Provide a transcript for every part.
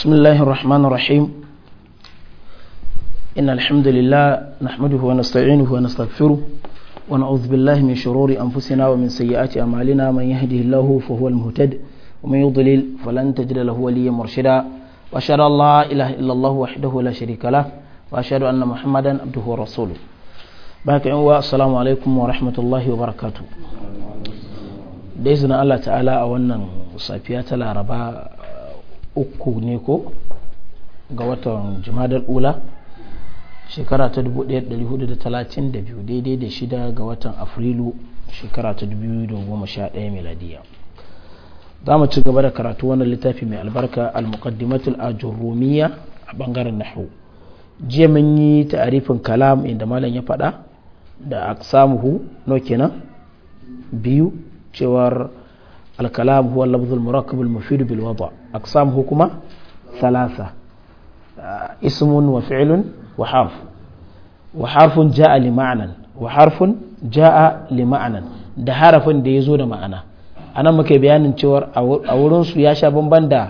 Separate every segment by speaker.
Speaker 1: بسم الله الرحمن الرحيم إن الحمد لله نحمده ونستعينه ونستغفره ونعوذ بالله من شرور أنفسنا ومن سيئات أعمالنا من يهده الله فهو المهتد ومن يضلل فلن تجد له وليا مرشدا وأشهد أن لا إله إلا الله وحده لا شريك له وأشهد أن محمدا عبده ورسوله بارك السلام عليكم ورحمة الله وبركاته da izinin Allah ta'ala a wannan safiya ta laraba uku ne ko ga watan jumadar ula shekara ta 1432 daidai da shida ga watan afrilu shekara ta 2011 miladiya za mu ci gaba da karatu wannan littafi mai albarka al-muqaddimatul ajurrumiya a bangaren nahu jiya mun yi ta'arifin kalam inda malam ya fada da aksamuhu no kenan biyu cewar الكلام هو اللفظ المركب المفيد بالوضع أقسامه كما ثلاثة اسم وفعل وحرف وحرف جاء لمعنى وحرف جاء لمعنى da harafin da ya zo da ma'ana a nan muke bayanin cewar a wurinsu ya sha bamban da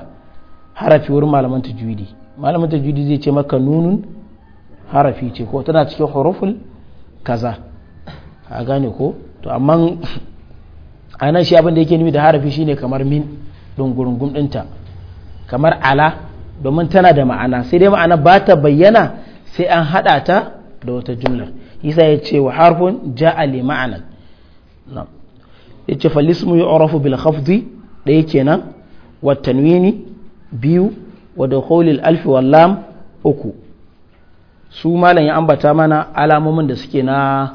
Speaker 1: harafi wurin malaman tajwidi malaman tajwidi zai ce maka nunun harafi ko tana cikin huruful kaza a nan shi abin da yake nufi da harafi shine kamar min dungurungum ɗinta kamar ala domin tana da ma'ana sai dai ma'ana ba ta bayyana sai an haɗa ta da wata jumla isa ya ce wa harfin ja'a li ma'ana ya ce falismu ya orafu bil khafdi ɗaya kenan wa tanwini biyu wa da alfi wal uku su malam ya ambata mana alamomin da suke na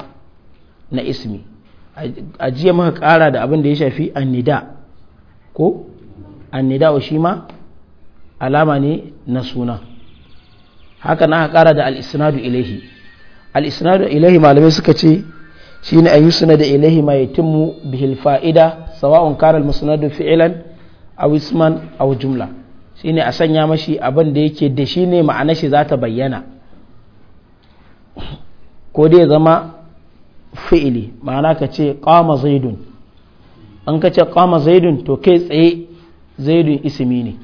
Speaker 1: na ismi a jiya maka kara da abin da ya shafi annida ko annida wa shi ma alama ne na suna haka na kara da al'isnadu ilahi al'isnadu ilahi malamai suka ce shi ne suna da ilahi ma yatimmu bihil fa'ida sawa'un karal musnadu fi'ilan aw isman aw jumla shine a sanya mashi abin da yake da shi ne ma'ana shi za ta bayyana ko dai zama fi'ili ma'ana ka ce ƙama zaidun an ka ce ƙama zaidun to kai tsaye zaidun isimi ne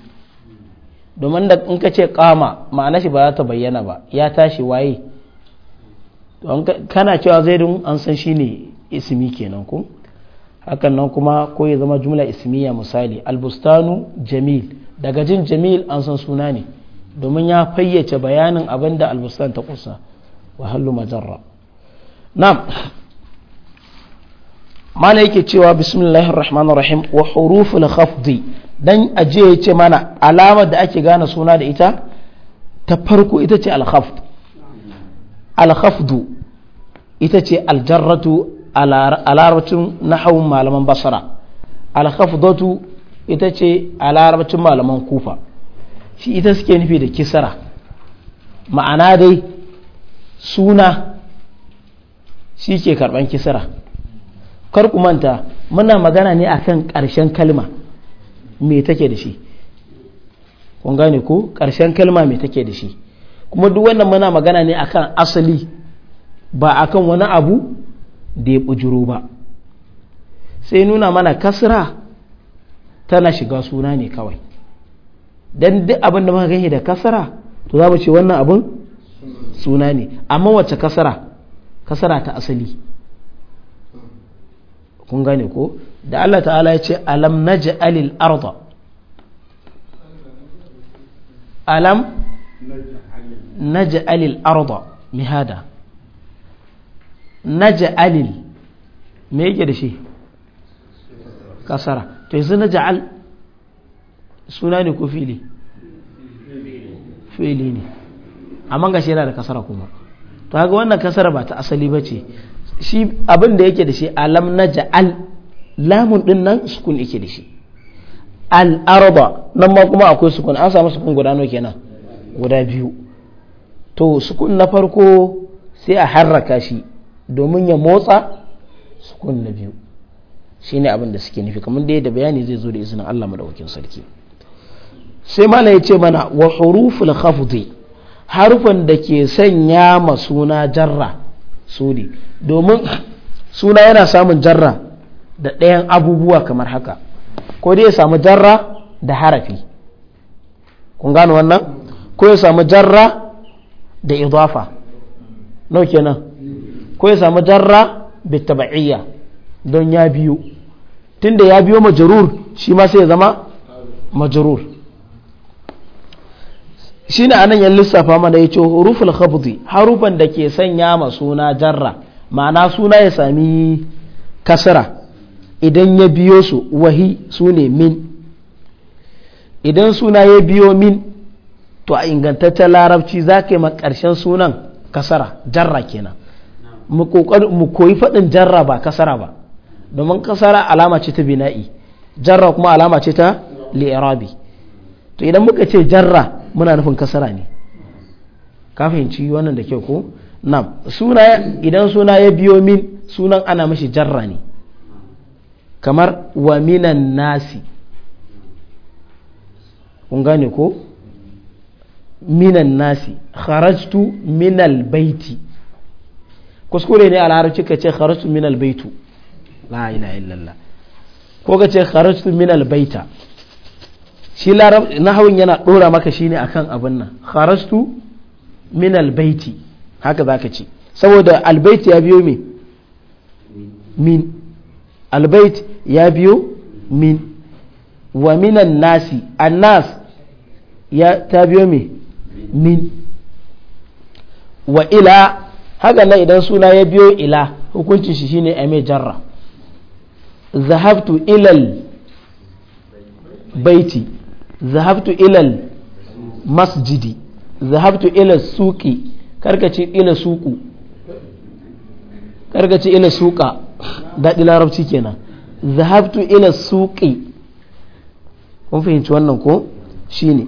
Speaker 1: domin da in ka ce ƙama ma'ana shi ba za ta bayyana ba ya tashi waye kana cewa zaidun an san shi ne isimi kenan ku hakan nan kuma ko ya zama jumla ismiya misali albustanu jamil daga jin jamil an san suna ne domin ya fayyace bayanin abinda da albustan ta kusa wa hallu majarra na'am mana yake cewa bismillahir rahmanir rahim wa huruful khafdi dan aje ya ce mana alamar da ake gane suna da ita ta farko ita ce al-khafd al khafd ita ce al-jarratu a larabcin nahawun malaman basara al-khafdatu ita ce a malaman kufa shi ita suke nufi da kisara ma'ana dai suna shi ke karban kisara kar ku manta muna magana ne akan ƙarshen kalma me take da shi kun gane ko ƙarshen kalma me take da shi kuma duk wannan muna magana ne akan asali ba akan wani abu da ya bujuro ba sai nuna mana kasra tana shiga suna ne kawai don duk abin da muka gani da kasara to za mu ce wannan abin suna ne amma wacce kasara kasara ta asali kun gane ko da Allah ta'ala ya ce alam alil arda alam alil arda mihada alil me yake da shi kasara to yanzu al suna ne ko fili fili ne amma gashi yana da kasara kuma to haka wannan kasara ba ta asali ba ce shi abin da yake da shi alam na ja'al lamun din nan sukun yake da shi al'arba nan ma kuma akwai sukun an samu sukun guda nawa kenan guda biyu to sukun na farko sai a harraka shi domin ya motsa sukun na biyu shi ne abin da suke nufi kamar da bayani zai zo da izinin Allah madaukakin sarki sai mana ya ce mana wa huruful khafdi harufan da ke sanya ma suna jarra suli domin suna yana samun jarra da ɗayan abubuwa kamar haka ko dai ya samu jarra da harafi kun gano wannan ko ya samu jarra da idafa nau kenan ko ya samu jarra da taba'iyya don ya biyo tunda ya biyo majarur shi ma sai ya zama majarur shi ne anan ya lissafa mana ya ce huruful khabdi harufan da ke sanya ma suna jarra ma'ana suna ya sami kasara idan ya biyo su wahi su ne min idan suna ya biyo min to a ingantaccen larabci za ka yi ƙarshen sunan kasara jarra kenan mu koyi faɗin jarra ba kasara ba domin kasara alama ce ta bina'i jarra kuma alama ce ta li'irabi to idan muka ce jarra muna nufin kasara ne ka fahimci wannan da kyau ko na suna idan suna ya biyo min sunan ana mashi jarra ne kamar wa minan nasi kun gane ko minan nasi kharajtu minal baiti kuskure ne a larabci ka ce kharajtu minal baitu la ilaha illallah ko ka ce kharajtu minal baita shi nahawin yana ɗora maka shi ne kan abin nan kharastu min albaiti haka za ka ce saboda albaiti ya biyo me min albait ya biyo min wa minan nasi annas ya ta biyo me min wa ila haka nan idan suna ya biyo ila hukuncin shi shine a mai jarra zahabtu ilal baiti zahabtu ilal masjidi zahabtu ila suki ce ila suku ce ila suka daɗi larabci kenan zahabtu ila suki kun fahimci wannan ko shine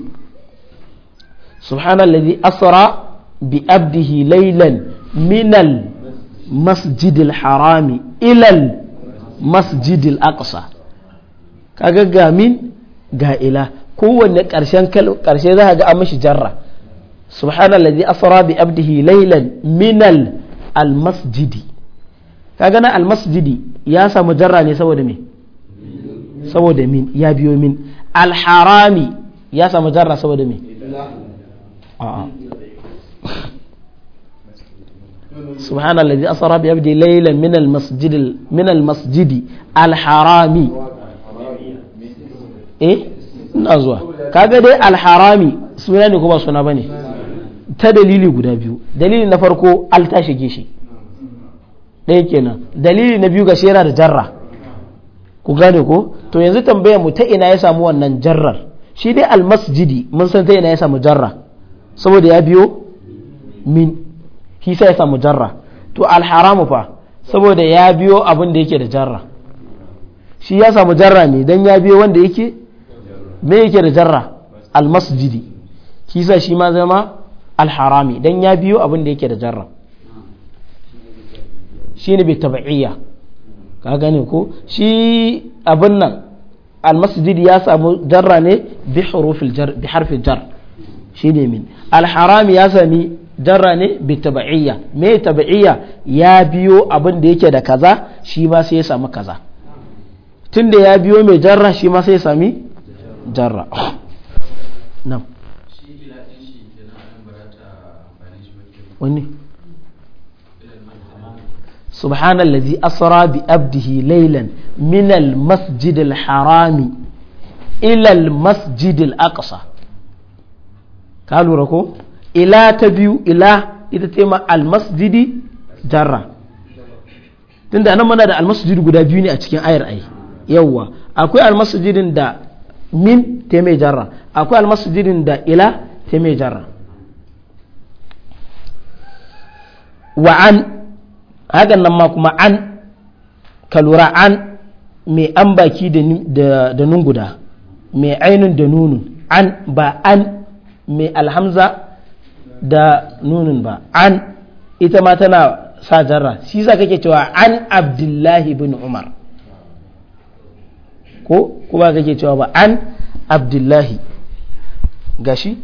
Speaker 1: subhanallazi asra bi abdihi laylan minal masjidil harami ilal masjidil aqsa kaga ga min ga ila kowanne ƙarshen ƙarshe za ga an mashi jarra subhanallazi asra bi abdihi laylan minal almasjidi ka gana almasjidi ya samu jarra ne saboda me saboda min ya biyo min alharami ya samu jarra saboda me سبحان الذي أسرى بعبده ليلا من المسجد من المسجد الحرام إيه ina zuwa kaga dai alharami suna ne ko ba suna bane ta dalili guda biyu dalili na farko al ta shige shi kenan dalili na biyu ga shi yana da jarra ku gane ko to yanzu tambayar mu ta ina ya samu wannan jarrar shi dai masjidi mun san ta ina ya samu jarra saboda ya biyo min hisa ya samu jarra to alharamu fa saboda ya biyo abin da yake da jarra shi ya samu jarra ne dan ya biyo wanda yake me yake da jarra almasjidi sa shi ma zama alharami dan ya biyo abin da yake da jarra shi ne bai taba'iyya ka gane ko shi abin nan almasjidi ya samu jarra ne bi harfin jar shi ne min alharami ya sami jarra ne bi taba'iyya me taba'iyya ya biyo abin da yake da kaza shi ma sai ya samu kaza tunda ya biyo mai jarra shi ma sai ya sami jarra na سبحان الذي أسرى بأبده ليلا من المسجد الحرام إلى المسجد الأقصى قالوا ركو إلى تبيو إلى إذا تيما المسجد جرى tunda أنا من da almasjidu guda biyu ne a cikin ayar ai yawa akwai min teme jarra akwai almasjidin da ila ta jarra wa an hakan nan ma kuma an kalura an mai an baki da nun guda mai ainun da nunun an ba an mai alhamza da nunun ba an ita ma tana sa jarra shi za kake cewa an abdullahi bin umar ko ko ba kake cewa ba an abdullahi gashi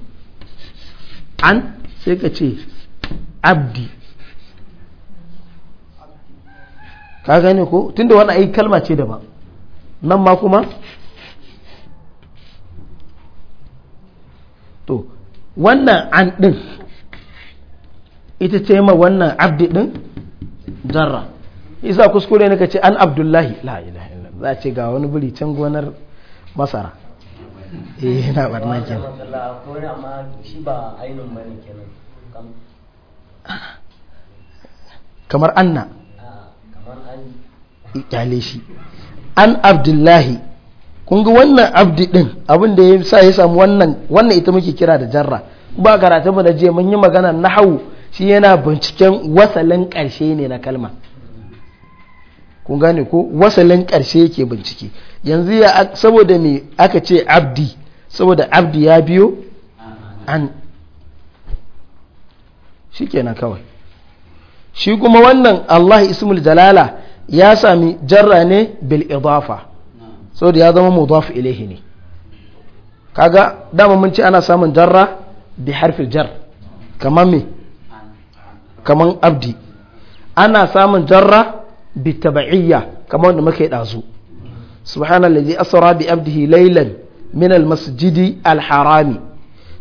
Speaker 1: an sai ka ce abdi ka gane ko tunda wani ai kalma ce da ba nan ma kuma to wannan an din ita ce ma wannan abdi din jarra isa kuskure ne ka ce an abdullahi la ilaha za a ce ga wani buri can gonar masara eh yana barna kenan kamar anna kyale shi an abdullahi kun ga wannan abdi din abin da ya sa ya samu wannan wannan ita muke kira da jarra ba karatun mu na je mun yi magana nahawu shi yana binciken wasalin ƙarshe ne na kalma kun gane ko wasalin ƙarshe yake bincike yanzu ya saboda me aka ce abdi saboda abdi ya biyo an shi kenan kawai shi kuma wannan Allah ismul jalala ya sami jarra ne bil idafa saboda ya zama mudaf ilaihi ne kaga dama mun ce ana samun jarra bi harfil jar kamar me kaman abdi ana samun jarra bitaba'iyya kamar wanda muke dazu subhanallazi asra bi abdihi laylan min almasjidi alharami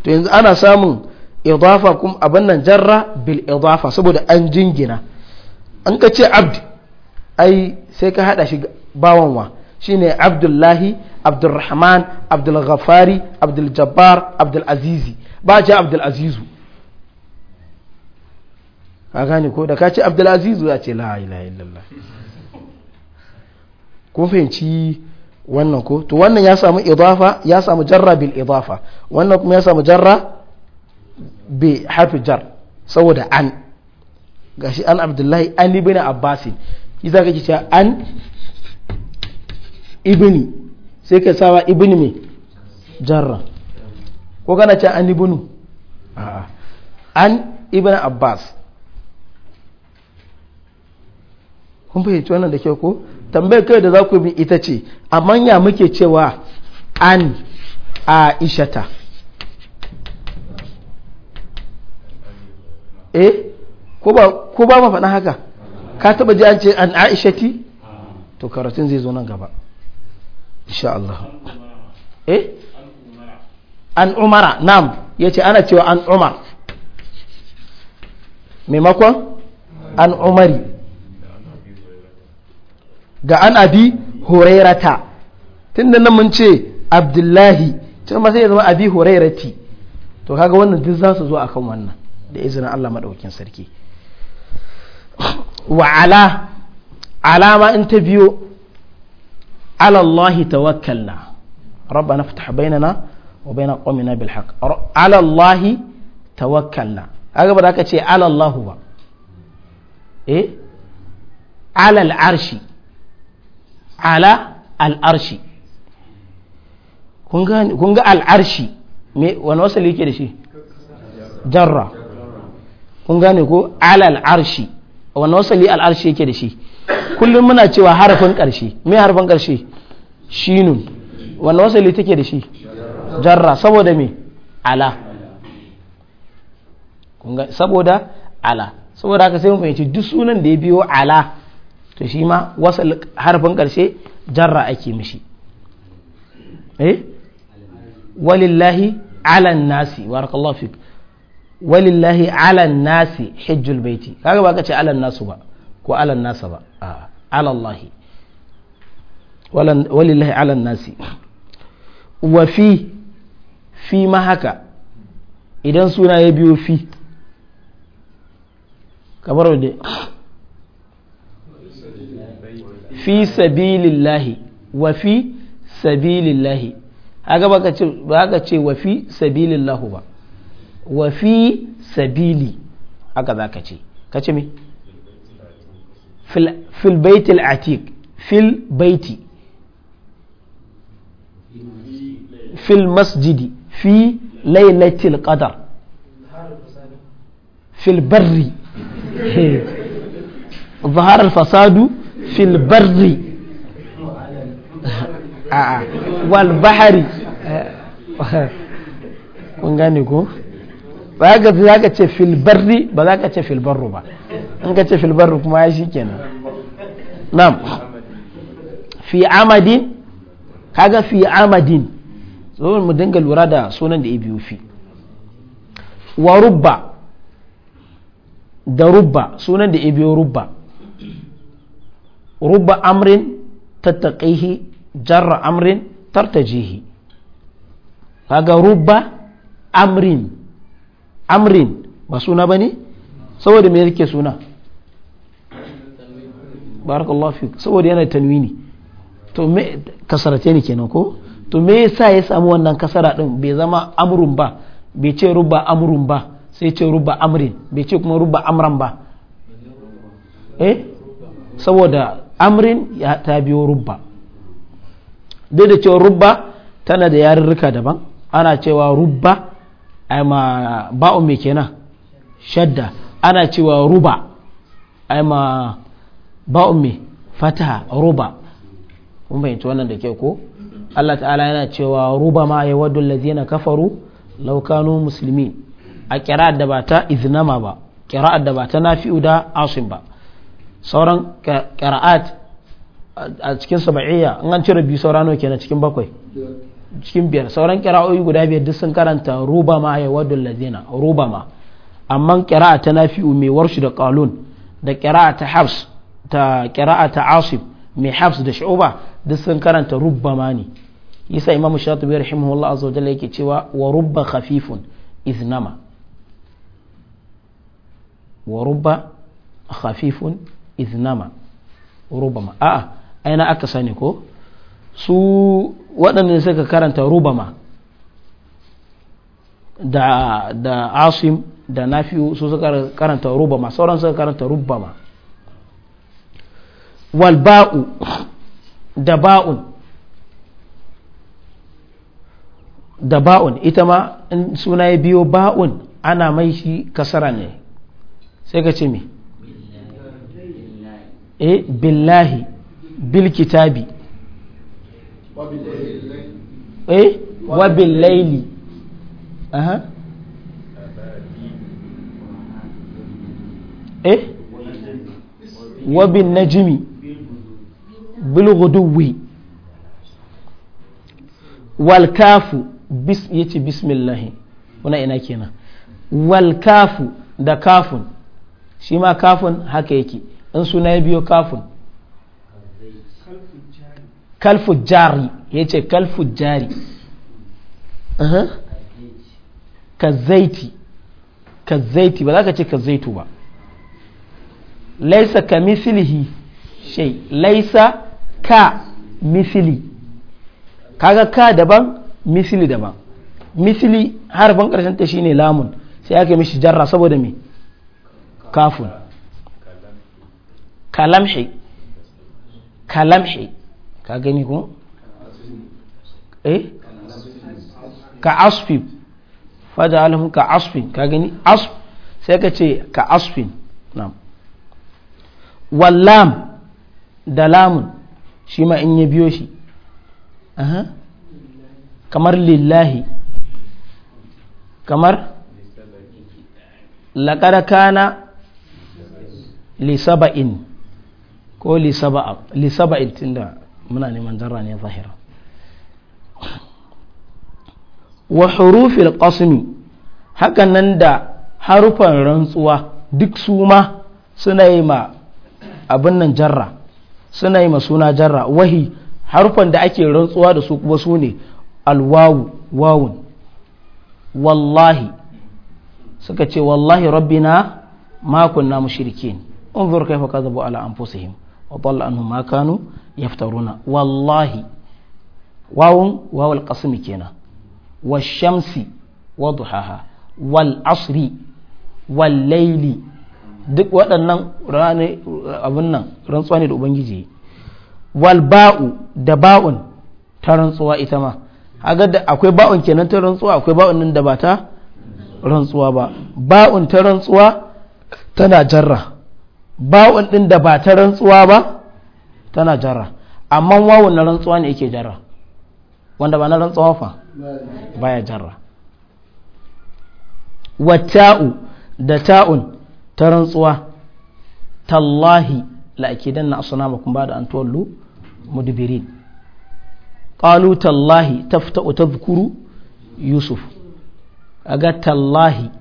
Speaker 1: to yanzu ana samun idafa kuma abin jarra bil idafa saboda an jingina an ka ce abd ai sai ka hada shi bawanwa shine abdullahi abdulrahman abdulghafari abduljabbar abdulazizi ba ce abdulazizu ka gane ko da ka ce abdulaziz ya ce la ilaha illallah fahimci wannan ko to wannan ya samu idafa ya samu jarra bil idafa wannan kuma ya samu jarra bi harfi jar saboda an gashi an abdullahi an ibn abbasin idan kake cewa an ibni sai ka sawa ibni me jarra ko kana cewa an ibnu a'a an ibn abbas kun fahimci wannan da kyau ko tambayar kai da za ku bi ita ce a manya muke cewa an ishata eh ko ba ko ba ma faɗa haka ka taba ji an ce an ishati to karatun zai zo nan gaba insha Allah eh an umara nam yace ana cewa an umar maimakon an umari ga an abi hurairata da nan mun ce abdullahi can ba sai ya zama abi hurairati to kaga wannan duk za su zo akan wannan da izinin Allah madaukakin sarki wa ala alama in ta biyo ala Allah tawakkalna rabbana fatah bainana wa baina qawmina bil haqq ala Allah tawakkalna kaga ba da ka ce alallahu ba eh ala arshi ala al'arshi kun ga al'arshi wani wasu yake da shi jarra kun gane ko ala al'arshi wani wasu al'arshi yake da shi kullum muna cewa harafin ƙarshe me harafin ƙarshe shinun wani wasu take da shi jarra saboda me ala saboda ala saboda haka sai mu fahimci duk sunan da ya biyo ala to shi ma wasal harfin ƙarshe jarra ake mishi eh walillahi ala nasi wa barakallahu fik walillahi ala nasi hijjul baiti kaga ba ka ce ala nasu ba ko ala nasa ba a ala allahi walillahi ala nasi wa fi fi ma haka idan suna ya biyo fi kamar wadda fi sabilillahi wa fi sabilillahi haka baka ce ce wa fi sabilillahu ba wa fi sabili haka ka ce kace me fil baitil atiq fil baiti fil masjidi fi lailatul qadar fil barri ظهر الفساد في البر والبحر kun gane ko ba ga za ka ce fil ba za ka ce fil ba in ka ce fil kuma ya shi kenan nam fi amadin kaga fi amadin tsohon mu dinga lura da sunan da ibi fi wa rubba da rubba sunan da ibi rubba rubba amrin tattaqihi jarra amrin tartajihi kaga rubba amrin amrin ba suna bane saboda me yake suna barakallahu fik saboda yana tanwini to me kasarate ne kenan ko to me yasa ya samu wannan kasara din bai zama amrun ba bai ce rubba amrun ba sai ce rubba amrin bai ce kuma rubba amran ba eh saboda amrin ya ta biyo rubba duk da cewa rubba tana da yarurruka daban ana cewa rubba ai ba'un me kenan shadda ana cewa ruba ai ma ba'un me fataha ruba kun fahimci wannan da ke ko Allah ta'ala yana cewa ruba ma ya waddu allazina kafaru law kanu a qira'at da ba ta iznama ba qira'at da ba ta nafi'u da asim ba sauran ƙara'at a cikin saba'iyya in an cire biyu sauran nawa na cikin bakwai cikin biyar sauran ƙira'o'i guda biyar duk sun karanta ruba ma ya wadda ladina ruba ma amma ƙira'a ta nafi mai shi da ƙalun da ƙira'a ta hafs ta ƙira'a ta asif mai hafs da shu'ba duk sun karanta ruba ma ne yasa imamu shatibi rahimahullah azza wa jalla yake cewa wa rubba khafifun iznama wa rubba khafifun iznama rubama a'a aina aka sani ko su waɗanda suka karanta rubama da da asim da nafi'u su suka karanta rubama sauran suka karanta rubama wal ba'u da ba'un da ba'un ita ma suna ya biyo ba'un ana mai shi kasara ne sai ka ce me e billahi bil kitabi eh wa bil laili aha eh wa bin najmi bil ghuduwi wal kafu bis yace bismillah kuna ina kenan wal kafu da kafun shi ma kafun haka yake in suna ya biyo kafin kalfu jari ya ce kalfu jari ka zaiti ka ba za ka ce ka zaitu ba laisa ka misilihi shai laisa ka misili kaga ka daban misili daban misili harfin karshen ta shine lamun sai aka mishi jarra saboda me kafin kalamshi kalamshi ka gani ko eh ka asfi faja ka asfin ka gani asf sai ka ce ka asfin na'am wallam da lamun shi ma in ya biyo shi kamar lillahi kamar kana lisaba'in ko in tunda muna neman jarra ne zahira wa hurufil qasmi hakan nan da harufan rantsuwa duk su ma suna yi ma abin nan jarra suna yi ma suna jarra wahi harufan da ake rantsuwa da su kuma su ne alwawu wawun wallahi suka ce wallahi rabbina ma kunna mushrikin unzur kaifa kadhabu ala anfusihim wa dalla anhum ma kanu yaftaruna wallahi wawun wawul qasmi kenan washamsi wa duhaha wal asri wal layli duk waɗannan rane abin nan rantsuwa ne da ubangiji wal ba'u da ba'un ta rantsuwa ita ma haga da akwai ba'un kenan ta rantsuwa akwai ba'un nan da ba ta rantsuwa ba ba'un ta rantsuwa tana jarra bawon ɗin da ba ta rantsuwa ba tana jara amma wawon na rantsuwa ne yake jara wanda ba na rantsuwa fa baya jara wata'u da ta'un ta rantsuwa tallahi la'akidan na asuna makon ba da an tuwallo mudubirin ƙalu tallahi fita ta bukuru yusuf aga tallahi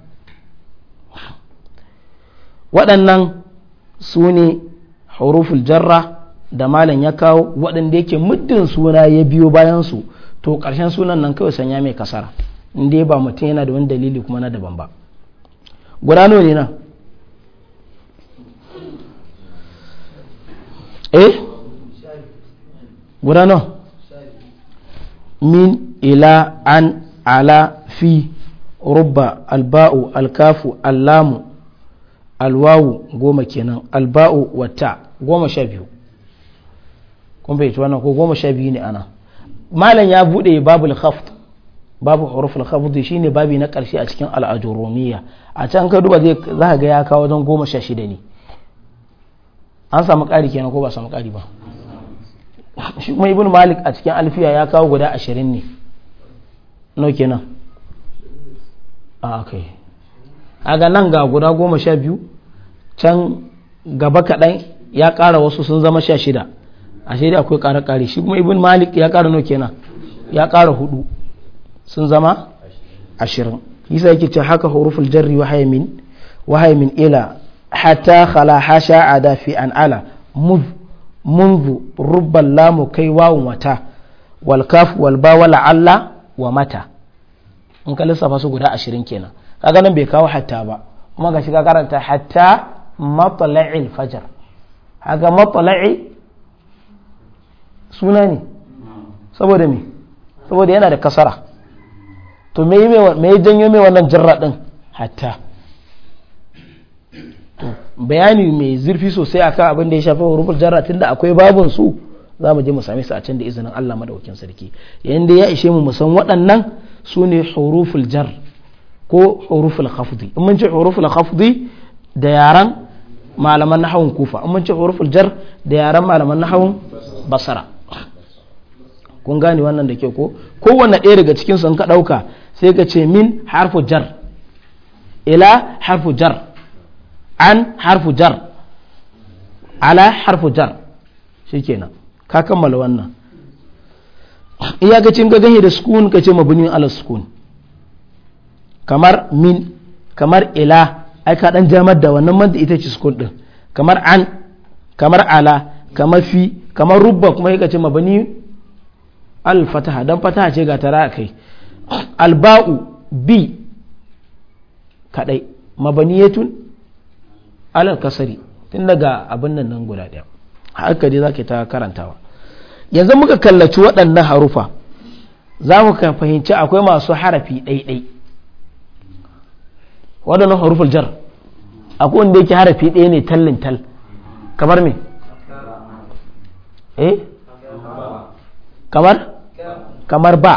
Speaker 1: waɗannan su ne haruful jarra da malam ya kawo waɗanda yake muddin suna ya biyo bayan su to ƙarshen sunan nan kawai sanya mai kasara inda ba mutum yana da wani dalili kuma na daban ba guda nawa ne nan eh guda min ila an ala fi rubba alba'u alkafu allamu alwawu goma kenan alba'u wata goma sha biyu kun fahimci wannan ko goma sha biyu ne ana malam ya bude babul khaft babu huruful khaft shine babi na karshe a cikin al'ajurumiyya a can ka duba zai za ga ya kawo don goma sha shida ne an samu ƙari kenan ko ba samu ƙari ba shi kuma ibn malik a cikin alfiya ya kawo guda ashirin ne nau kenan a ah, kai aga nan ga guda goma sha biyu can gaba kaɗan ya ƙara wasu sun zama sha shida a shida akwai ƙara ƙari shi kuma ibn malik ya ƙara no kenan ya ƙara hudu sun zama ashirin yisa yake ce haka huruful jarri wahayamin wahayamin ila hatta khala hasha ada fi an ala mud منذ رب اللام كي واو متى والكاف والباء ولعل ومتى in ka lissafa su guda ashirin kenan kaga nan bai kawo hatta ba kuma ga shiga karanta hatta matla'il fajar haka matla'i suna ne saboda me saboda yana da kasara to me janyo mai wannan jirra din hatta bayani mai zurfi sosai akan abin da ya shafi huruful jarra tunda akwai babun su za mu je mu same su a can da izinin Allah madaukakin sarki yanda ya ishe mu musan waɗannan su ne huruful jar ko huruful khafdi in mun ce huruful khafdi da yaran malaman nahawun kufa in mun ce huruful jar da yaran malaman nahawun basara kun gane wannan da ke ko kowanne ɗaya daga cikin sun ka ɗauka sai ka ce min harfu jar ila harfu jar an harfu jar ala harfu jar shikenan ka kammala wannan iyakacin ka ganye da sukun ka ce mabuni ala sukun kamar min kamar ila ai ka dan jamar da wannan man da ita ce sukun din kamar an kamar ala kamar fi kamar rubba kuma yake ce mabani al fataha dan fataha ce ga tara kai alba'u bi kadai mabaniyatun alal kasari tun daga abin nan nan guda daya haka dai zaka ta karantawa yanzu muka kallaci waɗannan harufa za mu fahimci akwai masu harafi ɗaiɗai waɗannan haruful jar akwai wanda yake harafi ɗaya ne tallin tal kamar me eh kamar kamar ba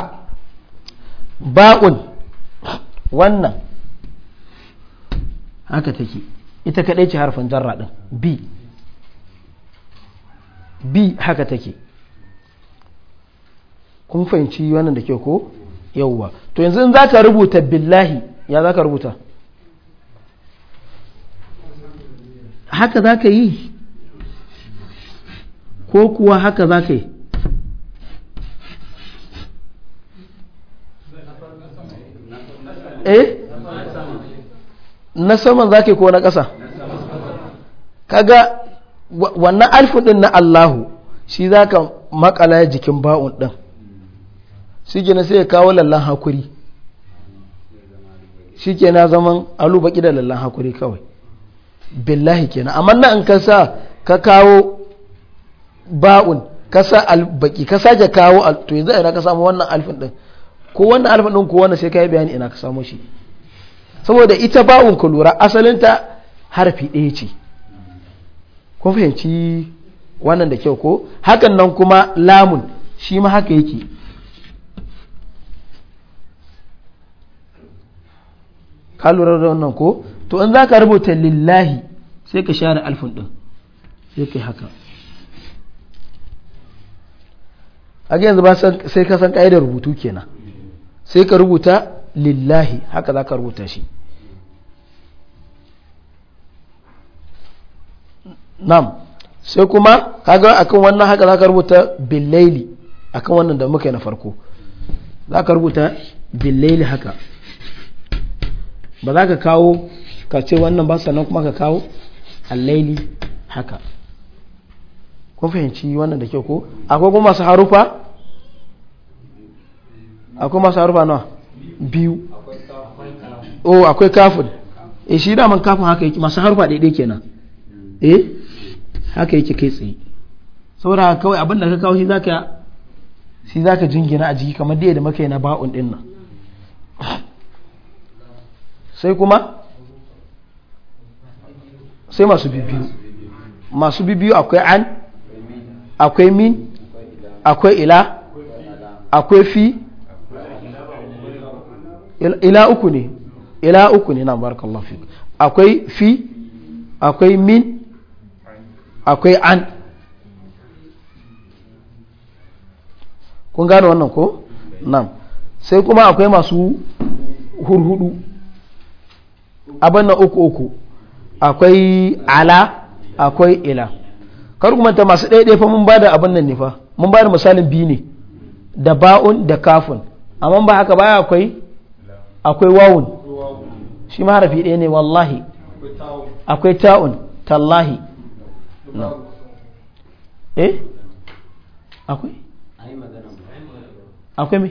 Speaker 1: ba'un wannan haka take ita kaɗai ce harfin jarra ɗin b b haka take kun fahimci wannan da ke ko yauwa to yanzu in za ka rubuta billahi ya za ka rubuta haka za ka yi ko kuwa haka za ka yi eh na saman za ka yi ko na ƙasa kaga wannan alfin din na Allahu shi za ka makala jikin ba'un din shi gina sai ya kawo lallan hakuri shi ke na zaman alubaki da lallan hakuri kawai billahi kenan amma nan an kasa sa ka kawo ba'un ka sa albaki ka sake kawo to yanzu ina ka samu wannan alfin din ko wannan alfin din ko wannan sai ka yi bayani ina ka samu shi saboda ita ba'un ka lura asalinta harfi ɗaya ce kun fahimci wannan da kyau ko hakan nan kuma lamun shi ma haka yake ka lura da wannan ko to in za ka rubuta lillahi sai ka share alfin ɗin sai ka haka a yanzu ba sai ka san ƙa'idar rubutu kenan sai ka rubuta lillahi haka za ka rubuta shi nam sai kuma kaga akan wannan haka za ka rubuta billaili akan wannan da muka yi na farko za ka rubuta billaili haka ba za ka kawo ka ce wannan ba sannan kuma ka kawo allaili haka kun fahimci wannan da kyau ko akwai kuma masu harufa akwai masu harufa nawa biyu o oh, akwai kafin e shi daman kafin haka yake masu harufa daidai kenan eh haka yake kai tsaye saboda kawai abin da ka kawo shi zaka shi zaka jingina a jiki kamar da yadda muka yi na ba'un din nan sai kuma sai masu bibiyu masu bibiyu akwai an akwai min akwai ila akwai fi ila uku ne ila uku ne na barakallahu fi akwai fi akwai min akwai an kun gane wannan ko nan sai kuma akwai masu hurhudu abin na uku uku akwai ala akwai ila kar kuma ta masu ɗaya fa mun bada abin nan ne fa mun bada misalin biyu ne da ba'un da kafun amma ba haka baya akwai akwai wawun shi ma harafi ɗaya ne wallahi akwai ta'un tallahi no. eh akwai akwai me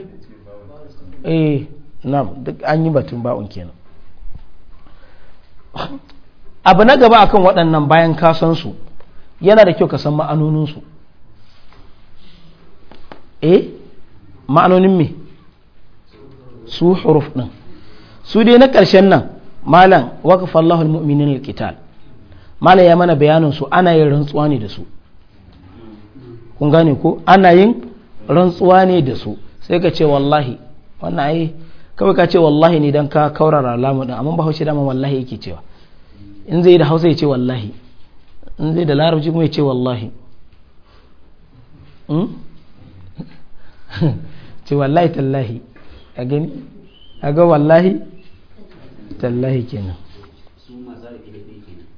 Speaker 1: eh na an yi batun ba'un kenan abu na gaba akan waɗannan bayan kasansu, su yana da kyau ka san ma'anoninsu eh ma'anonin me su huruf ɗin su dai na ƙarshen nan malam waqafa Allahul mu'minin al-qital malam ya mana bayanin su ana yin rantsuwa ne da su kun gane ko ana yin rantsuwa ne da su sai ka ce wallahi wannan ai kawai ka ce wallahi ne dan ka kaurara lamu din amma ba haushi da wallahi yake cewa in zai da hausa ya ce wallahi in zai da larabci kuma ya ce wallahi hmm? ce wallahi tallahi a gani a ga wallahi tallahi kenan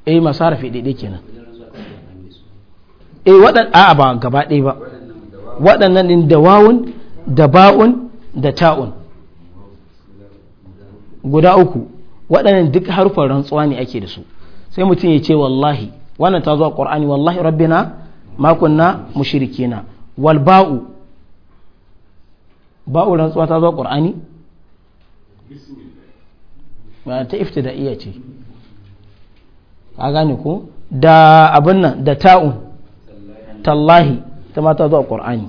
Speaker 1: eh masu harafi daidai kenan eh waɗanda a ba gaba ɗaya ba waɗannan ɗin da wawun da ba'un da ta'un guda uku waɗannan duk harfan rantsuwa ne ake da su sai mutum ya ce wallahi wannan ta zuwa qur'ani wallahi rabbina ma kunna mushrikina wal ba'u ba'u rantsuwa ta zuwa qur'ani ba ta iftida'iyya ce ka gane ku? da abin nan da ta'un tallahi ta ma ta zuwa qur'ani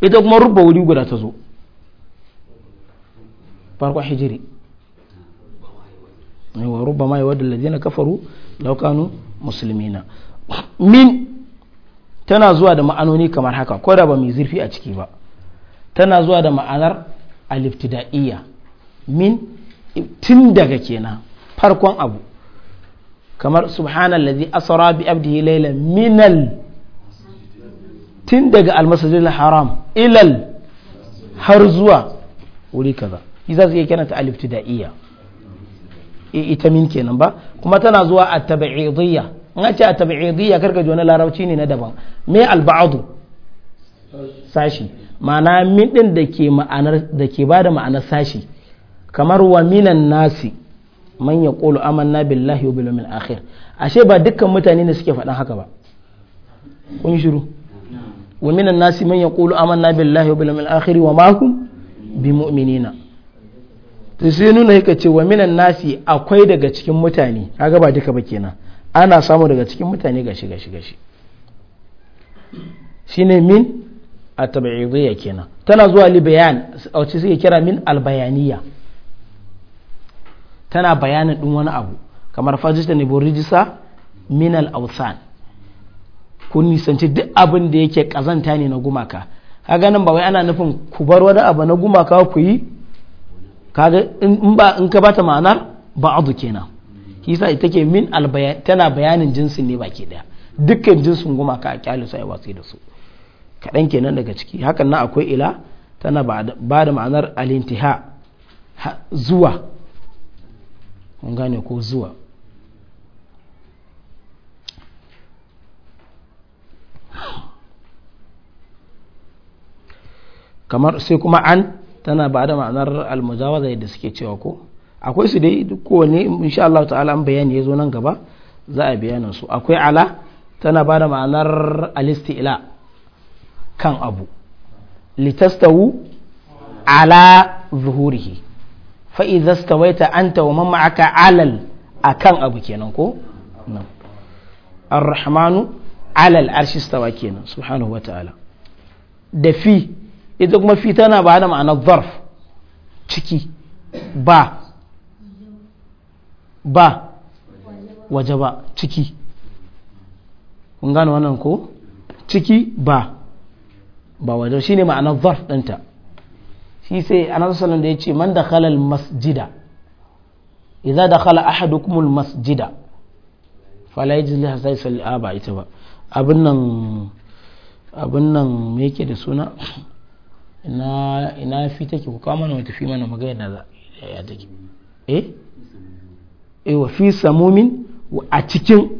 Speaker 1: ita kuma rubba wuri guda ta zo farko hijiri wa rubbama yawaddu alladhina kafaru law kanu muslimina min tana zuwa da ma'anoni kamar haka koda ba mu yi zurfi a ciki ba tana zuwa da ma'anar aliftida'iyya min tun daga kenan farkon abu kamar subhanallazi asra bi abdihi laylan minal tun daga almasjidil haram ilal har zuwa wuri kaza shi za su iya kiranta aliftida'iyya ita min kenan ba kuma tana zuwa a tabi'idiyya in ce a tabi'idiyya karka jona larauci larabci ne na daban me alba'adu sashi ma'ana min din da ke ma'anar da ke bada ma'anar sashi kamar wa minan nasi man yaqulu amanna billahi wa bil yawmil akhir ashe ba dukkan mutane ne suke faɗan haka ba kun shiru wa minan nasi man yaqulu amanna billahi wa bil yawmil akhir wa ma hum bimu'minina to sai nuna yake ce wa minan nasi akwai daga cikin mutane kaga ba duka ba kenan ana samu daga cikin mutane gashi gashi gashi shine min a tabi'idiyya kenan tana zuwa li bayan a suke kira min albayaniya tana bayanin din wani abu kamar fajista ne rijisa min al awsan kun nisanci duk abin da yake kazanta ne na gumaka ka nan ba wai ana nufin ku bar wani abu na gumaka ku yi kaga in ba in ka bata ma'anar ba'adu kenan kisa ita ke min albayan tana bayanin jinsin ne baki daya dukkan jinsin gumaka a kyale su ai watsi da su kaɗan kenan daga ciki hakan na akwai ila tana ba da ma'anar alintiha zuwa kun gane ko zuwa kamar sai kuma an tana ba da ma'anar almujawaza yadda suke cewa ko akwai su dai duk kowane insha Allah ta'ala an bayani ya zo nan gaba za a bayanin su akwai ala tana ba da ma'anar alisti'la kan abu litastawu ala zuhurihi fa idza stawaita anta wa man ma'aka alal akan abu kenan ko nan arrahmanu alal arshi stawa kenan subhanahu wa ta'ala da fi ita kuma fi tana ba da ma'anar zarf ciki ba ba waje ba ciki kun gane wannan ko ciki ba ba waje shine ma'anar zarf ɗinta shi sai annabi sallallahu da ya ce man da al masjida idza dakhala ahadukum al masjida fala yajlis hatta yusalli ba ita ba abin nan abin nan me yake da suna ina ina fi take ku kama wata fi mana magana da ya take eh eh wa fi samumin a cikin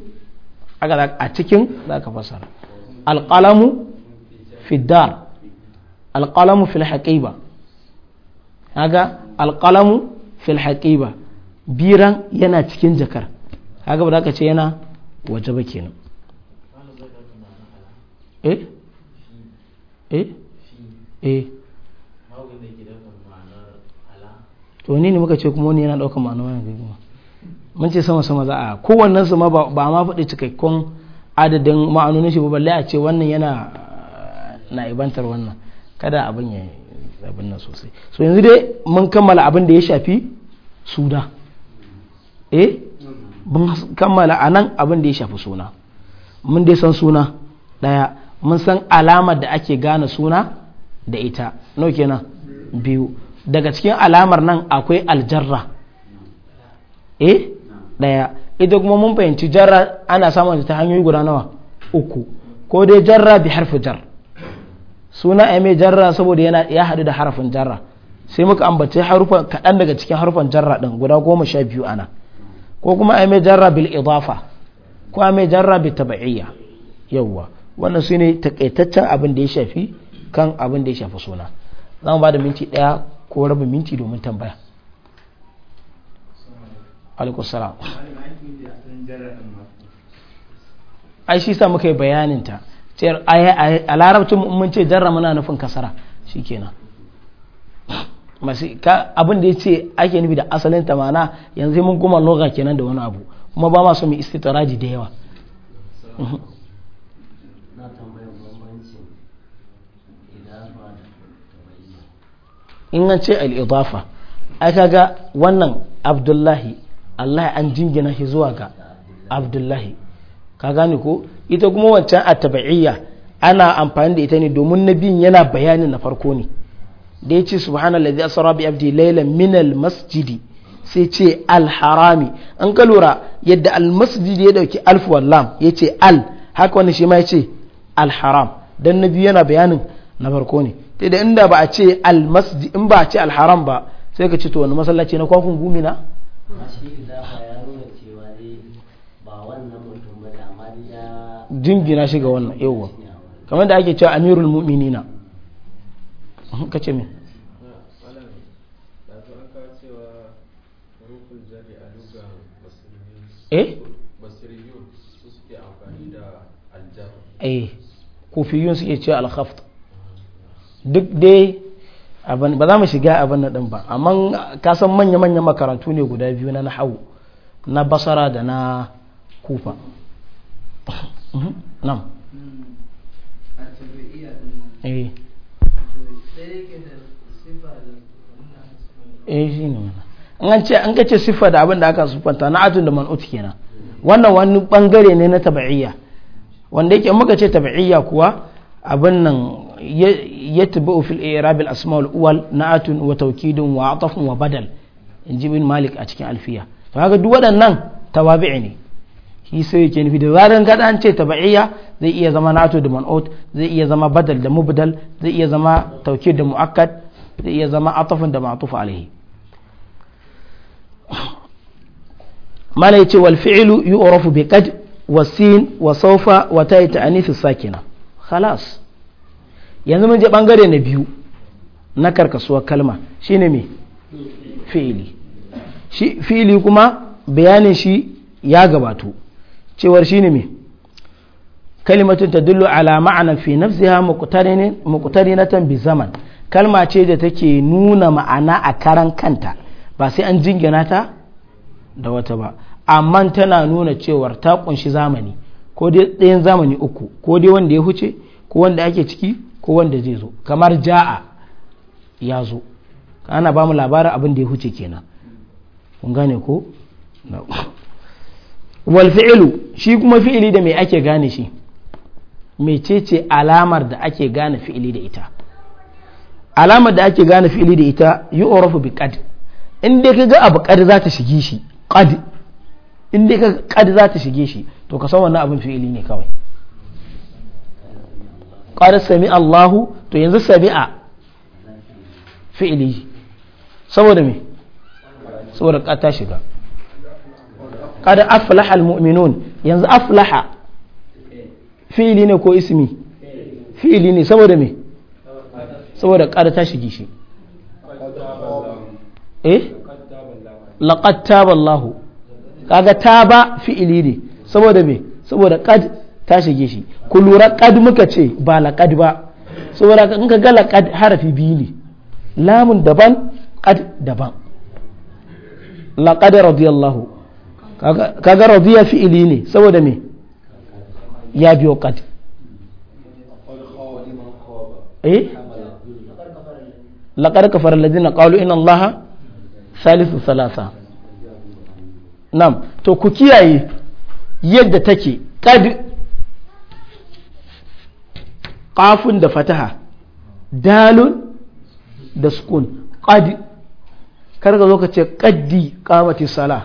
Speaker 1: aka a cikin zaka fasara alqalamu fi dar alqalamu fil haqiba kaga alqalamu fil haqiba biran yana cikin jakar kaga ba ka ce yana waje ba kenan eh eh eh to ne ne muka ce kuma wani yana ɗaukar ma'ana wani kuma mun ce sama sama za a kowannen su ma ba ma faɗi cikakkun adadin ma'anonin shi ba balle a ce wannan yana eh, na ibantar wannan kada abin ya abin nan sosai so yanzu dai mun kammala abin da ya shafi suna eh mun kammala a nan abin da ya shafi suna mun dai san suna ɗaya mun san alamar da ake gane suna da ita no kenan biyu daga cikin alamar nan akwai aljarra eh daya ita kuma mun fahimci jarra ana samun ta hanyoyi guda nawa uku ko dai jarra bi harfi jar suna ai mai jarra saboda yana ya haɗu da harafin jarra sai muka ambace harufan kaɗan daga cikin harufan jarra ɗin guda goma sha biyu ana ko kuma ai mai jarra bil idafa ko ai mai jarra bi taba'iyya yawwa wannan su ne takaitaccen abin da ya shafi kan abin da ya shafi suna za ba da minti ɗaya ko rabin minti domin tambaya alaikusalam ai shi sa muka yi bayanin cewar a larabcin mun ce jarra muna nufin kasara shikenan abin da ya ce ake nufi da asalin ta mana yanzu mun kuma loga kenan da wani abu kuma ba masu mai istitaraji da yawa in an ce al’idafa idafa ai kaga wannan abdullahi Allah an jingina shi zuwa ga abdullahi ka gani ko ita kuma wancan a taba'iyya ana amfani da ita ne domin nabiyin yana bayanin na farko ne da ya ce subhanallazi asra bi abdi laylan min al-masjidi sai ce al-harami an ka lura yadda al-masjidi ya dauki alf wallam ya ce al haka wani shi ma ya ce al-haram dan nabi yana bayanin na farko ne ta da inda ba a ce almasjid in ba a ce alharam ba sai ka ci to wani masallaci na kwakun gumi na jingina shi ga wannan yawwa kamar da ake cewa amirul na ka ce min eh eh kufiyun suke cewa alkhaft duk dai ba za mu shiga abin nan ba amma ka san manya-manyan makarantu ne guda biyu na nahawu na basara da na kufa mhm, hmm. nan eh. eh, an ce an kace siffa da abin da aka sufanta na atun da man'ut kenan wannan wani bangare ne na taba'iyya wanda yake muka ce taba'iyya kuwa abin nan yatba'u fil i'rab al asma' al awwal na'atun wa tawkidun wa atafun wa badal in ji bin malik a cikin alfiya to kaga duk waɗannan tawabi'i ne shi sai yake nufi da zaran gada an ce tabaiya zai iya zama nato da man'ut zai iya zama badal da mubdal zai iya zama taukid da muakkad zai iya zama atafin da mala yace wal fi'lu yu'rafu bi wa sin wa ta sakina yanzu mun je bangare na biyu na karkasuwar kalma shine mai fili shi fili kuma bayanin shi ya gabato cewar shine mai kalimatun tadullu ala ma'ana fi nafsiha na bi zaman kalma ce da take nuna ma'ana a karan kanta ba sai an jingina ta da wata ba amma tana nuna cewar ta kunshi zamani ko dai ɗayan zamani uku ko dai wanda ya huce ko wanda ake ciki ko wanda zai zo kamar ja'a ya zo ana ba mu labarin abin da ya huce kenan kun gane ko wal fi'lu shi kuma fi'ili da me ake gane shi mecece alamar da ake gane fi'ili da ita alamar da ake gane fi'ili da ita yu'rafu bi qad in dai kaga abu qad za ta shige shi qad in dai kaga qad za ta shige shi to ka san wannan abin fi'ili ne kawai qala sami Allahu to yanzu sami'a fi'ili saboda me saboda ka ta shiga qad yanzu aflaha fi'ili ne ko ismi fi'ili ne saboda me saboda qad ta shige shi eh laqad taba kaga taba fi'ili ne saboda me saboda ta shige shi ku lura qad muka ce ba laqad ba saboda in ka ga laqad harafi biyu ne lamun daban kad daban laqad radiyallahu kaga radiya fi'ili ne saboda me ya biyo kad eh laqad kafara alladhina qalu inna allaha salisu salasa nam to ku kiyaye yadda take kad qafun da fataha dalun da sukun qad kar ka zo ka ce qaddi qamati sala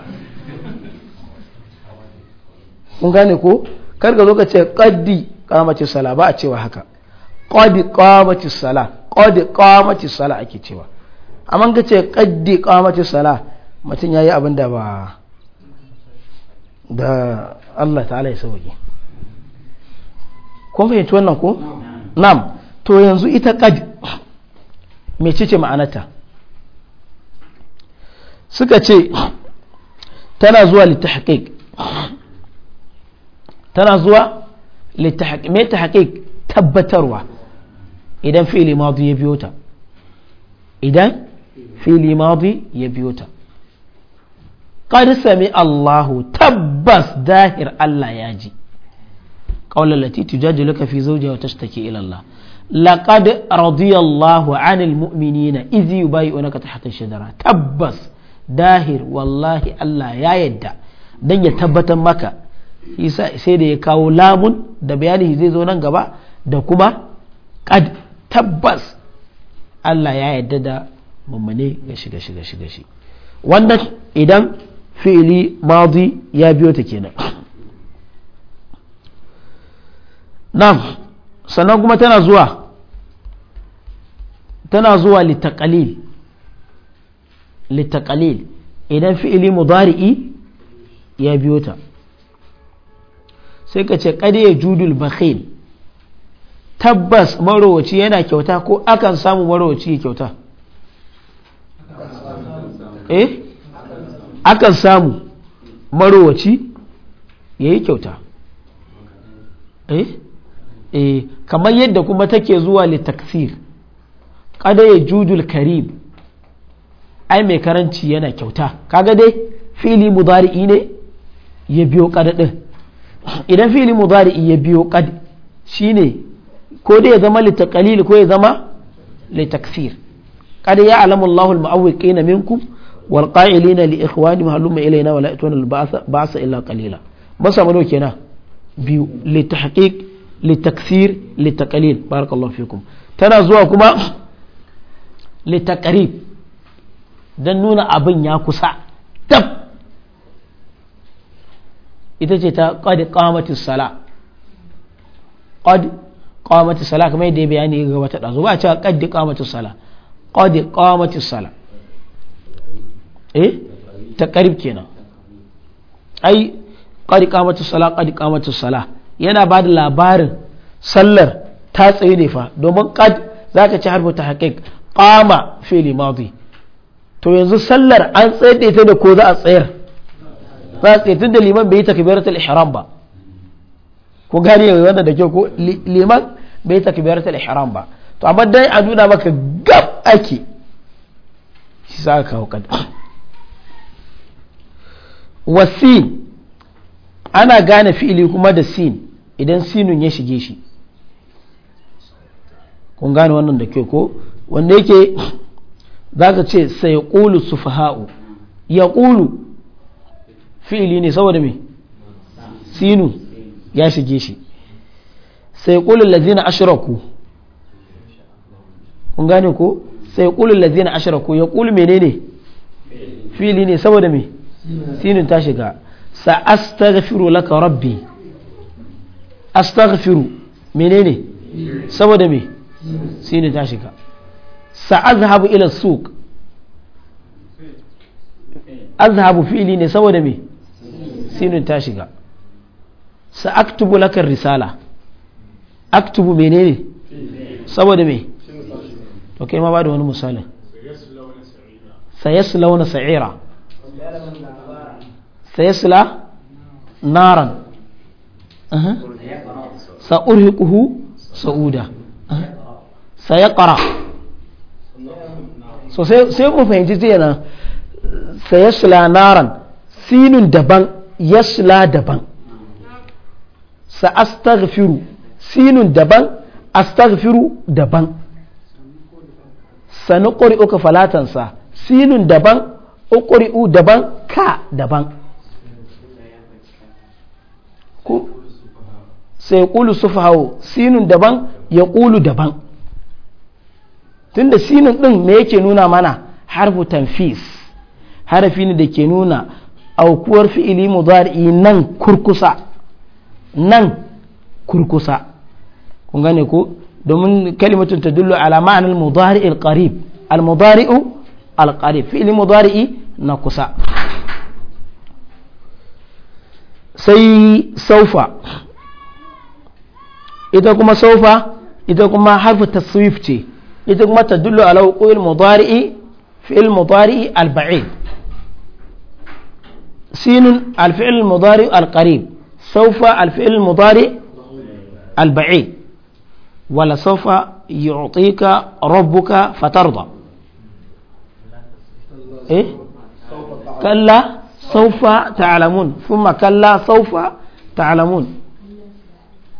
Speaker 1: kun gane ko kar ka zo ka ce qaddi qamati sala ba a cewa haka qad qamati sala qad qamati sala ake cewa amma ka ce qaddi qamati sala mutum yayi abin da ba da Allah ta'ala ya sauke kun fahimci wannan ko nam to yanzu ita qad mecece ma'anata suka ce tana zuwa litahqiq tana zuwa litahqiq me tahqiq tabbatarwa idan fi'li ya biyo ta idan fi'li ya biyo ta sami Allahu tabbas dahir Allah ya ji قول التي تجادلك في زوجها وتشتكي إلى الله لقد رضي الله عن المؤمنين إذ يبايعونك تحت الشجرة تبس داهر dan ya tabbatar maka sai da ya kawo lamun da bayani zai zo nan gaba da kuma kad tabbas Allah ya yadda da mummune gashi gashi gashi wannan idan fi'ili madi ya biyo ta kenan na'am sannan kuma tana zuwa tana zuwa litaqalil litaqalil idan fi'ili mudari'i ya biyo ta sai ka ce qad judul bakhil tabbas marowaci yana kyauta ko akan samu marowaci ya kyauta eh akan samu marowaci yayi kyauta eh eh kamar yadda kuma take zuwa litakfir kada ya jujul karib ai mai karanci yana kyauta kaga dai fili mudari'i ne ya biyo din idan fili mudari'i ya biyo kad shine ko dai ya zama litaqalil ko ya zama litakfir kada ya alamu Allahu al-mu'awwiqina minkum wal qa'ilina li ikhwanihim halumma ilayna wa la yatuna al-ba'sa illa qalila ba samu kenan biyu litahqiq لتكثير لتقليل بارك الله tana zuwa kuma litakarib don nuna abin ya kusa tab ita ce ta qad qamatis sala qad qamatis sala kamar yadda ya bayani ga wata dazu ba cewa qad qamatis sala qad qamatis sala eh takarib kenan ai qad qamatis sala qad sala yana ba da labarin sallar ta tsaye ne fa domin kad za ka ci harfi ta haƙiƙ ƙama fili mazi to yanzu sallar an tsaye ta da ko za a tsayar za a tsaye tun da liman bai yi takbiratul ihram ba ko gani yau wanda da ke ko liman bai yi takbiratul ihram ba to amma dai a nuna maka gab ake shi sa ka kawo kada. wasi ana gane fili kuma da sin idan sinun ya shige shi kun gane wannan da ke ko wanda yake za ka ce sai ƙulu su faha'u ya ƙulu fi'ili ne saboda me sinu ya shige shi sai ƙulun lazina ashiraku kun gane ko sai ƙulun lazina ashiraku ya ƙulu menene fi'ili ne saboda me sinun ta shiga sa'astaghfiru laka rabbi astaghfiru menene saboda me sai ne ta shiga sa'azhabu ila suq azhabu fi'li ne saboda me sinin ta shiga sa'aktubu laka risala aktubu menene saboda me to kai ma ba da wani misalin sayasla wani sa'ira sayasla naran sa'urhiquhu sa'uda sa ya ƙara so sai ku fahimci ce nan sa ya shila naran sinun daban ya shila daban sa astaghfiru sinun daban astaghfiru daban sani ƙuri'uka falatansa sinun daban ƙuri'u daban ka daban sai ya ƙulu sufahawo sinin daban ya ƙulu daban tunda sinin ɗin me yake nuna mana harfu tanfis harafi ne da ke nuna aukuwar fi'ili mudari nan kurkusa nan kurkusa kun gane ko domin kalimatun ta dullu ala ma'anar mudari al-qarib al-mudari'u al-qarib fi'ili mudari'i na kusa sai saufa ita kuma saufa ita kuma harfi taswif ce ita kuma ala wuqul fi'l mudari'i al sinun al-fi'l mudari' saufa al-fi'l mudari' wala saufa yu'tika rabbuka fatarda eh kalla saufa ta'lamun thumma kalla saufa ta'lamun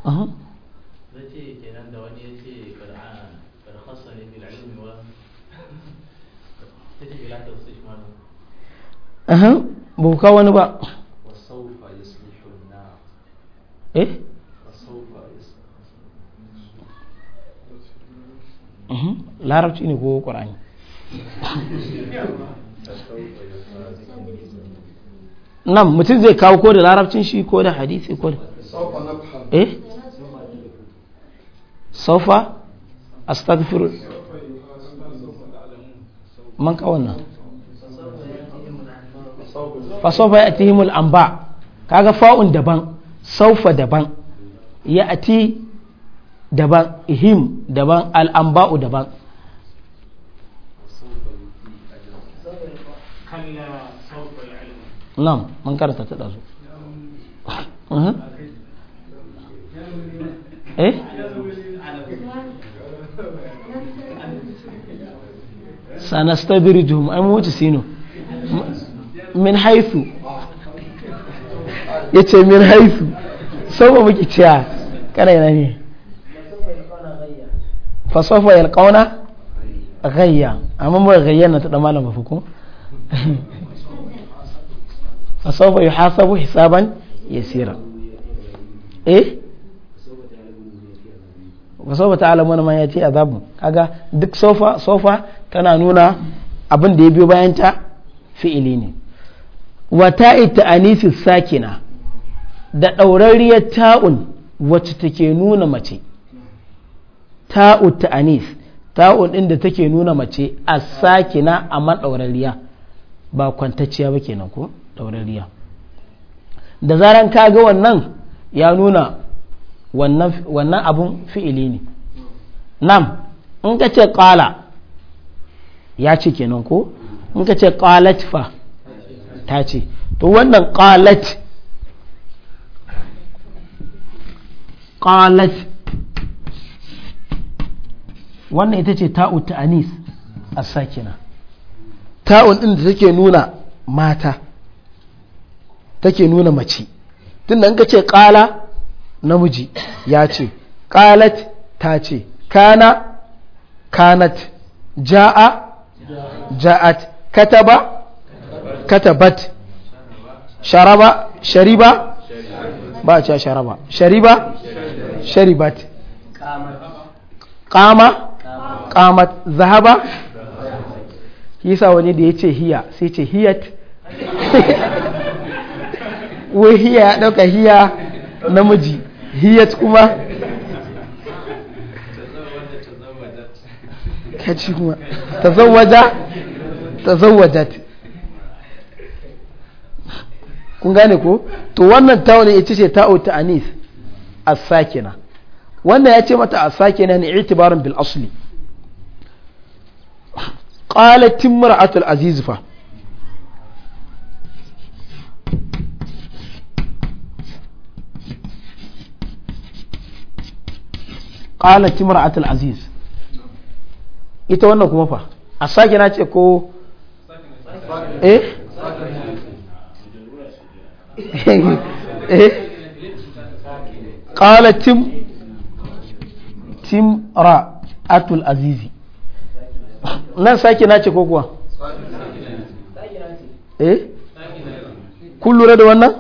Speaker 1: uh -huh. ba ku kawo wani ba eh mhm. larabci ne ko ƙwarani nan mutum zai kawo ko da larabcin shi ko da hadisi ko da eh saufa astagfirullah man kawo nan fa sawfa ya'tihimul anba kaga fa'un daban saufa daban ya'ti daban ihim daban al'amba'u daban nan mun karanta ta ɗazu eh sanastadirijuhum ai mu wuce sino min haisu ya ce min haisu sau ba muke ciya yana ne fasofa ya kauna gayya amma ba gayya na ta da malam bafi ko fasofa ya hasabu hisaban yasira eh fasofa ta alamuna ma ya ce azabun kaga duk sofa sofa tana nuna abin da ya biyo bayan ta fi'ili ne wata ita anisis sakina da ɗaurariyar ta'un wacce take nuna mace ta'u ta anis ta'un inda da take nuna mace a sakina a man ɗaurariya ba kwantacciya ba kenan ko ɗaurariya da zaran ka ga wannan ya nuna wannan abun fi'ili ne nam in ka ce ƙala ya ce kenan ko in ka ce ƙalat fa ta ce to wannan qalat qalat wannan ita ce ta'u ta'anis as-sakina ta'un din da take nuna mata take nuna mace tunda in qala namiji ya ce qalat ta ce kana kanat ja'a ja'at kataba katabat sharaba shariba ba a cewa sharaba shariba sharibat kama kamat zahaba yisa wani da ya ce hiya sai ce hiyat wai hiya ya ɗauka hiya namiji hiyat kuma kaci kuma tazawwajat kun gane ko to wannan ta'u ita ce ta'o ta anis as-sakina wannan ya ce mata as-sakina ne itibaran bil asli qala imra'atul aziz fa qala imra'atul aziz ita wannan kuma fa as-sakina ce ko eh قال تم تم را atul azizi nan sake nace ko kuwa eh kun lura da wannan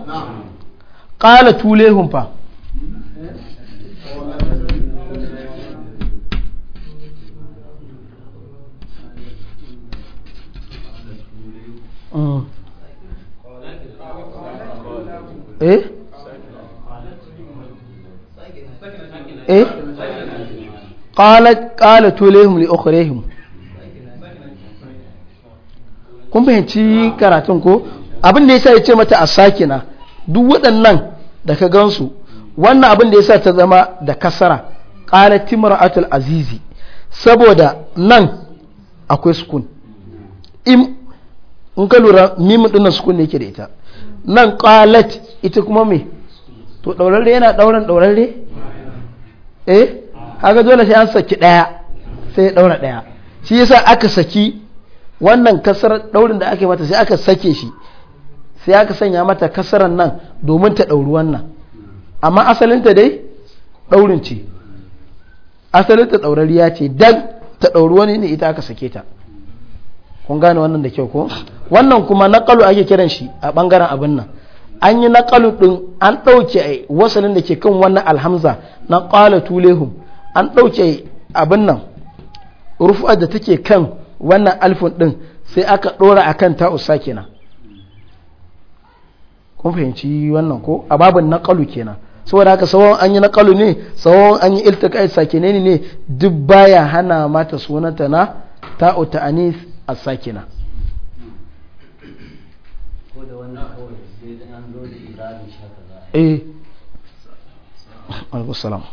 Speaker 1: ƙala tulehun fa mm. eh eh qalat qalatu lahum li kun fahimci karatun ko abin da ya ce mata a sakina duk waɗannan da ka gansu wannan abin da yasa ta zama da kasara qalat timra'atul azizi saboda nan akwai sukun in ka lura mim dinnan sukun ne yake da ita nan qalat ita kuma me to ɗaurarre yana ɗauran ɗaurarre eh haka dole sai an saki ɗaya sai ya ɗaura ɗaya shi yasa aka saki wannan kasar ɗaurin da aka mata sai aka sake shi sai aka sanya mata kasaran nan domin ta ɗauri wannan amma asalinta dai ɗaurin ce asalinta ɗaurariya ce dan ta ɗauri wani ne ita aka sake ta kun gane wannan da kyau ko wannan kuma naƙalu ake kiran shi a ɓangaren abin nan an yi naƙalu ɗin an ɗauke wasanin da ke kan wannan alhamza na ƙwala tulehu an ɗauke abin nan rufu'ar da take kan wannan alfin ɗin sai aka ɗora a kan usa kenan kun fahimci wannan ko a babin naƙalu kenan saboda haka sawon an yi naƙalu ne sawon an yi iltiƙai sake ne duk baya hana mata sunanta na ta'u anis a sakina
Speaker 2: ko da wannan kawai
Speaker 1: eh alaikun salam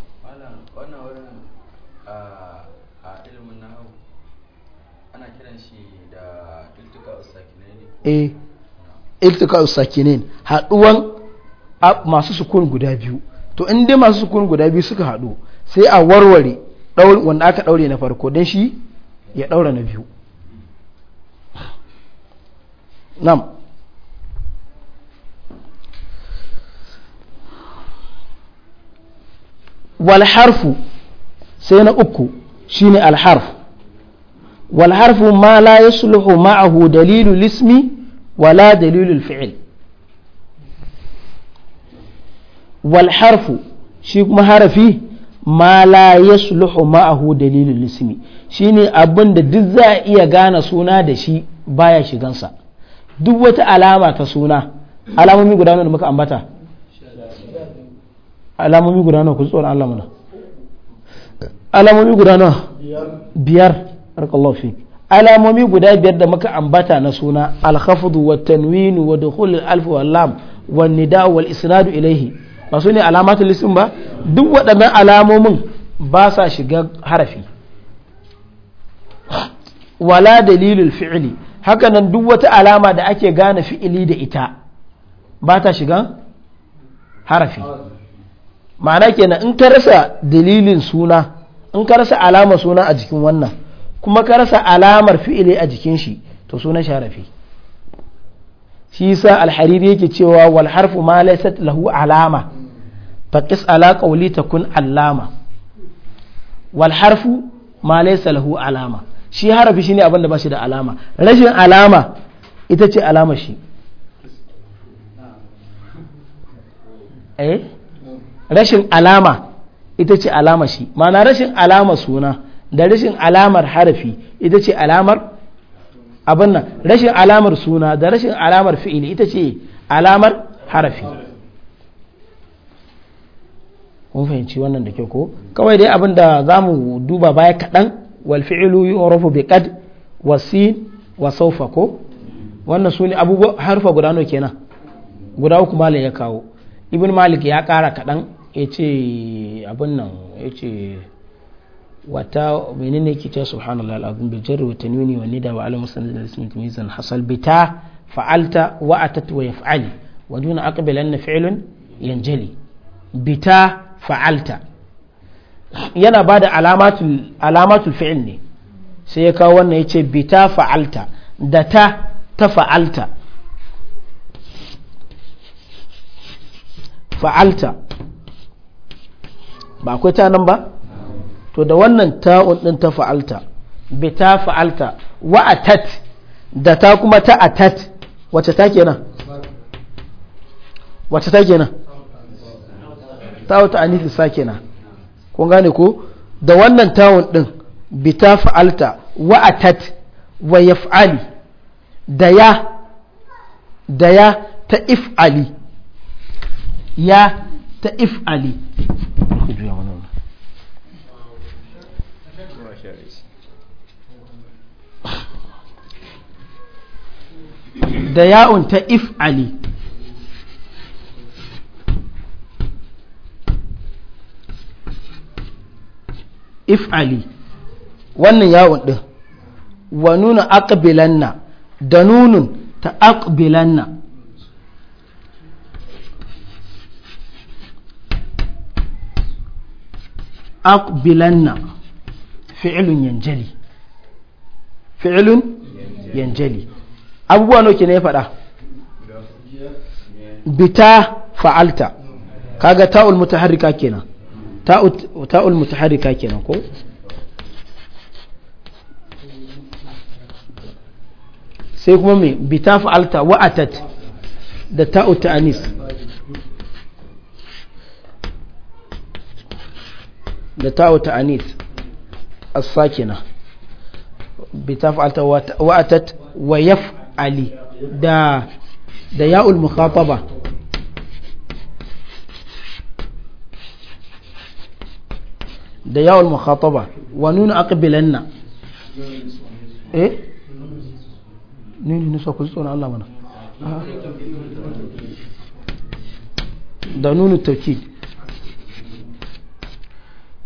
Speaker 1: eh iltika usakinin masu sukun guda biyu to in dai masu sukun guda biyu suka haɗu sai a warware wanda aka ɗaure na farko don shi ya ɗaura na biyu nam wal sai na uku shine al harf wal harfu ma la yasluhu ma'ahu wala dalilul fi'il wal harfu shi kuma harafi ma la yasluhu ma'ahu dalilul ismi shine abin da duk za iya gane suna da shi baya shigansa duk wata alama ta suna alamomi guda da muka ambata alamomi guda nawa ku tsoron Allah mana alamomi guda nawa biyar barakallahu fi alamomi guda biyar da muka ambata na suna al wa tanwin wa dukhul al-alf wa lam wa nida wal isnad ilayhi ba su ne alamatul ism ba duk waɗannan alamomin ba sa shiga harafi wala dalilul fi'li haka nan duk wata alama da ake gane fi'ili da ita ba ta shiga harafi ma'ana kenan in ka rasa dalilin suna in ka rasa alamar suna a jikin wannan kuma ka rasa alamar fi'ili a jikin shi to sunan sharafi shi yasa alhariri yake cewa wal harfu ma laysat lahu alama qis ala qawli takun allama wal harfu ma laysa lahu alama shi harafi shine abin da ba shi da alama rashin alama ita ce alamar shi eh rashin alama ita ce alama shi mana rashin alama suna da rashin alamar harafi ita ce alamar abin rashin alamar suna da rashin alamar fi'ili ita ce alamar harafi kun fahimci wannan da ke ko kawai dai abin da za mu duba baya kaɗan wal fi'ilu yu'rafu bi qad wa sin wa sawfa ko wannan su ne abubuwa harfa guda nawa kenan guda uku malik ya kawo ibn malik ya ƙara kaɗan ya ce abin nan ya ce wata ne ke ce subhanallah al'adun bi jarri wata nuni wa nida wa ala da sun tumi zan hasal bita fa'alta wa atat wa yaf'ali wa duna aqbalanna yan yanjali bita fa'alta yana ba da alamatul fi'il ne sai ya kawo wannan ya ce bita fa'alta da ta ta fa'alta fa'alta ba akwai ta nan ba to da wannan ta'un din ta fa'alta bi ta fa'alta wa atat da ta kuma ta atat wacce ta kenan wacce ta kenan ta'uta anisi sa kenan kun gane ko da wannan ta'un din bi ta fa'alta wa atat wa yaf'ali da ya da ya ta if'ali ya ta if'ali ku juya mana wannan da ya'un ta If Ali, wannan yawon ɗin wa nuna aqbilanna da nunun ta aqbilanna aqbilanna fi'ilun yanjali fi'ilun yanjali abubuwa nawa ne ya faɗa bita fa'alta kaga ta'ul mutaharrika kenan ta'ul mutaharrika kenan ko sai kuma me bita fa'alta wa'atat da ta'u ta'anis da ta ta'anith as-sakina bi taf'alta wa atat wa yaf'ali da da ya'ul mukhataba da mukhataba wa nuna aqbilanna eh ni so Allah mana da nunu tawkid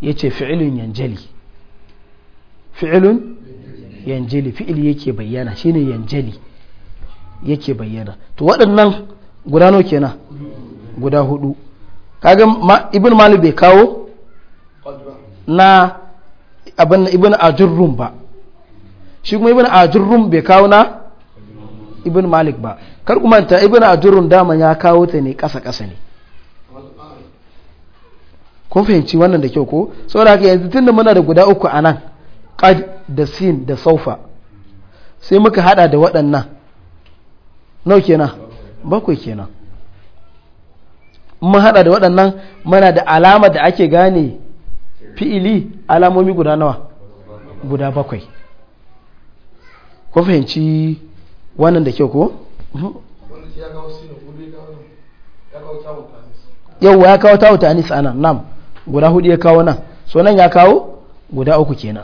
Speaker 1: ya ce fi'ilun yanjali fi'ilun yanjali fi'il yake bayyana shine yanjali yake bayyana to waɗannan guda nawa kenan guda hudu kaga ibn malik bai kawo na abin ibn ajurrum ba shi kuma ibn ajurrum bai kawo na ibn malik ba kar kuma ta ibn ajurrum dama ya kawo ta ne kasa kasa. ne kun fahimci wannan da kyau ko saboda haka yanzu tunda muna da guda uku a nan qad da sin da saufa sai muka hada da waɗannan nau kenan bakwai kenan mun hada da waɗannan muna da alama da ake gane fi'ili alamomi guda nawa guda bakwai kun fahimci wannan da kyau ko mhm. yau ya kawo tawo ta anis anan nam guda hudu ya kawo nan so nan ya kawo guda uku kenan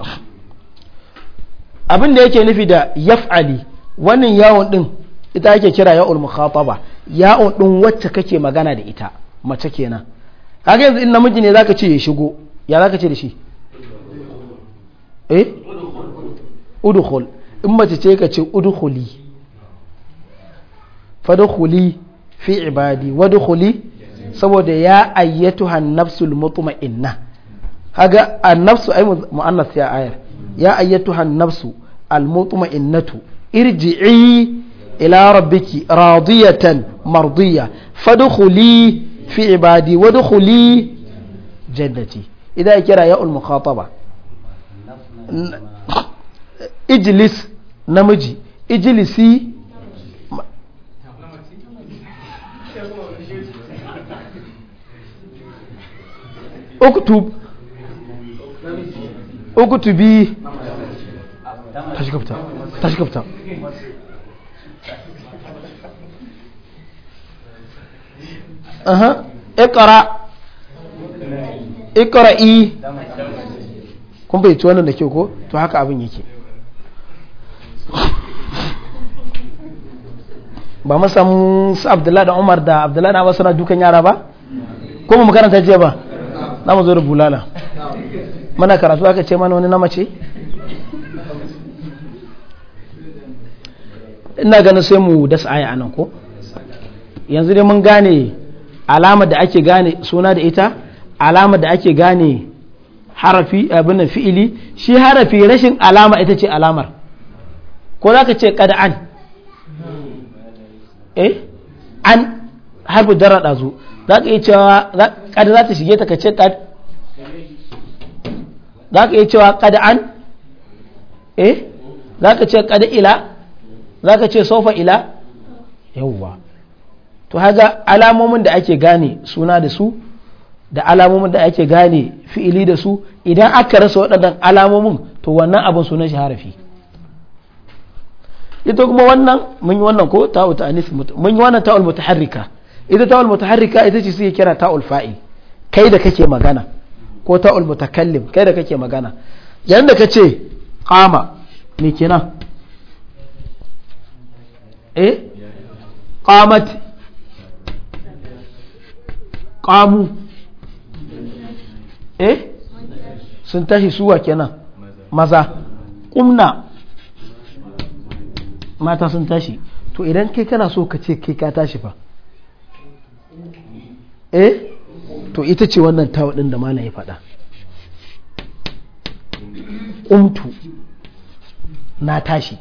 Speaker 1: abin da yake nufi da yaf'ali wannan yawon din ita yake kira ya'ul mukhataba ya'un din wacce kake magana da ita mace kenan kaga yanzu in namiji ne zaka ce ya shigo ya zaka ce da shi eh udkhul in mace ce ka ce udkhuli fadkhuli fi ibadi wadkhuli saboda ya ayyatu nafsul mutma'inna an nafsu ay mu'annas ya ayar ya ayyatu al almutma'innatu irji'i ila rabbiki radiyatan mardiya fadkhuli fi ibadi wadkhuli jannati idan kira ya mukhataba ijlis namiji ijlisi uktub
Speaker 2: uktubi tashi kafta tashi kafta
Speaker 1: aha iqra
Speaker 2: iqra'i
Speaker 1: kun bai ci wannan da kyau ko to haka abin yake ba masamu samu su abdullahi da umar da abdullahi na abbas suna dukan yara ba ko mu karanta jiya ba na mu zo bulala mana karatu aka ce mana wani na mace ina ganin sai mu dasa aya anan ko yanzu dai mun gane alama da ake gane suna da ita alama da ake gane harafi abin fi'ili shi harafi rashin alama ita ce alamar ko za ka ce kada an eh an harfi dara ɗazu za ka iya cewa kada za ta shige ta kace kad za ka iya cewa kada an eh za ka ce kada ila za ka ce sofa ila yawwa to haga alamomin da ake gane suna da su da alamomin da ake gane fi'ili da su idan aka rasa waɗannan alamomin to wannan abin sunan shi harafi ita kuma wannan mun yi wannan ko ta'u ta'anis mun yi wannan ta'ul mutaharrika ita ta'ul mutaharrika ita ce suke kira ta'ul fa'il kai da kake magana ko ta'ul mutakallim kai da kake magana yayin da kace qama ne kenan eh qamat qamu eh sun tashi suwa kenan maza kumna mata sun tashi to idan kai kana so ka ce kai ka tashi fa eh to ita ce wannan ta ɗin da malam ya faɗa ƙumtu na tashi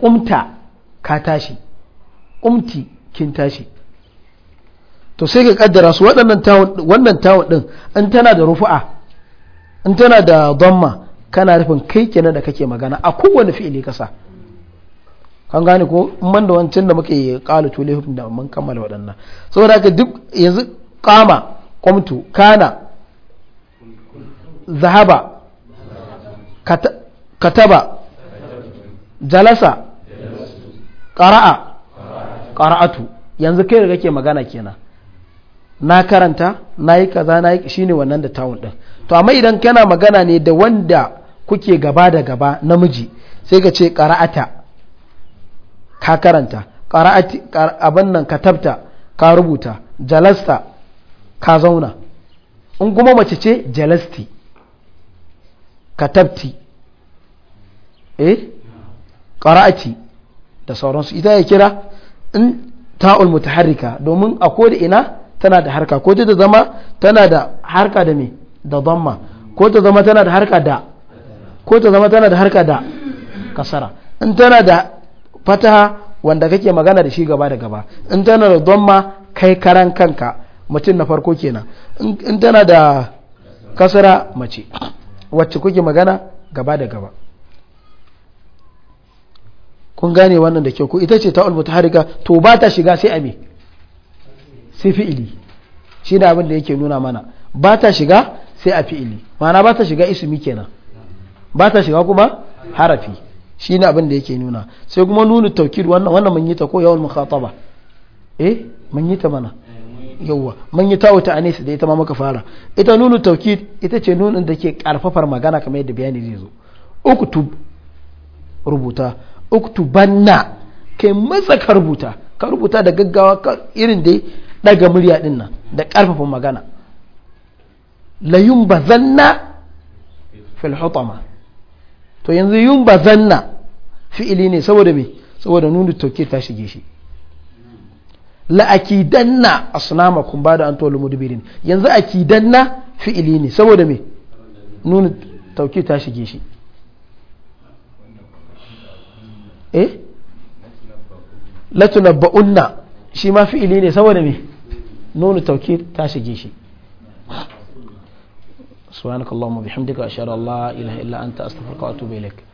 Speaker 1: ƙumta ka tashi ƙumti kin tashi to sai ka kaddara su wannan tawon ɗin in tana da rufu'a in tana da dhamma kana rufin kai kenan da kake magana a kowane fi'ili kasa kan gane ko in da wancan da muka kalu to tulihum da mun kammala waɗannan saboda haka duk yanzu kama kwamtu kana zahaba kataba jalasa qara'a qara'atu yanzu kai da kake magana kenan na karanta na yi kaza na yi shine wannan da tawun din to amma idan kana magana ne da wanda kuke gaba da gaba namiji sai ka ce qara'ata ka karanta abin nan ka tabta ka rubuta jalasta ka zauna in kuma mace ce jalasti ka tabti eh ƙara'ati da sauransu ita ya kira in ta'ul mutaharrika domin a da ina tana da harka ko ta zama tana da harka da me da zamma ko ta zama tana da harka da ko ta zama tana da harka da kasara in tana da fataha wanda kake magana da shi gaba da gaba in tana da dhamma kai karan kanka mutum na farko kenan in tana da kasara mace wacce kuke magana gaba da gaba kun gane wannan da kyau ku ita ce ta harika to ba ta shiga sai ame sai fi'ili shi ne abin da yake nuna mana ba ta shiga sai a fi'ili ma'ana ba ta shiga ismi kenan ba ta shiga kuma harafi shi ne abin da yake nuna sai kuma nuna taukir wannan wannan mun yi ta ko yawan mukhataba eh mun yi ta mana yawwa mun yi tawo ta da ita ma muka fara ita nuna taukir ita ce nunin da ke karfafar magana kamar yadda bayani zai zo uktub rubuta uktubanna kai matsa ka rubuta ka rubuta da gaggawa ka irin dai daga murya din nan da karfafa magana la yumbazanna fil hutama to yanzu yumbazanna fi'ili ne saboda me saboda nunu tauke ta shige shi la la'akidanna asnamakum ba da an tolu mudbirin yanzu akidanna fi'ili ne saboda me nunu tauke ta shige shi eh latunabba'unna shi ma fi'ili ne saboda me nuni tauke ta shige shi سبحانك اللهم وبحمدك أشهد أن لا إله إلا أنت أستغفرك وأتوب إليك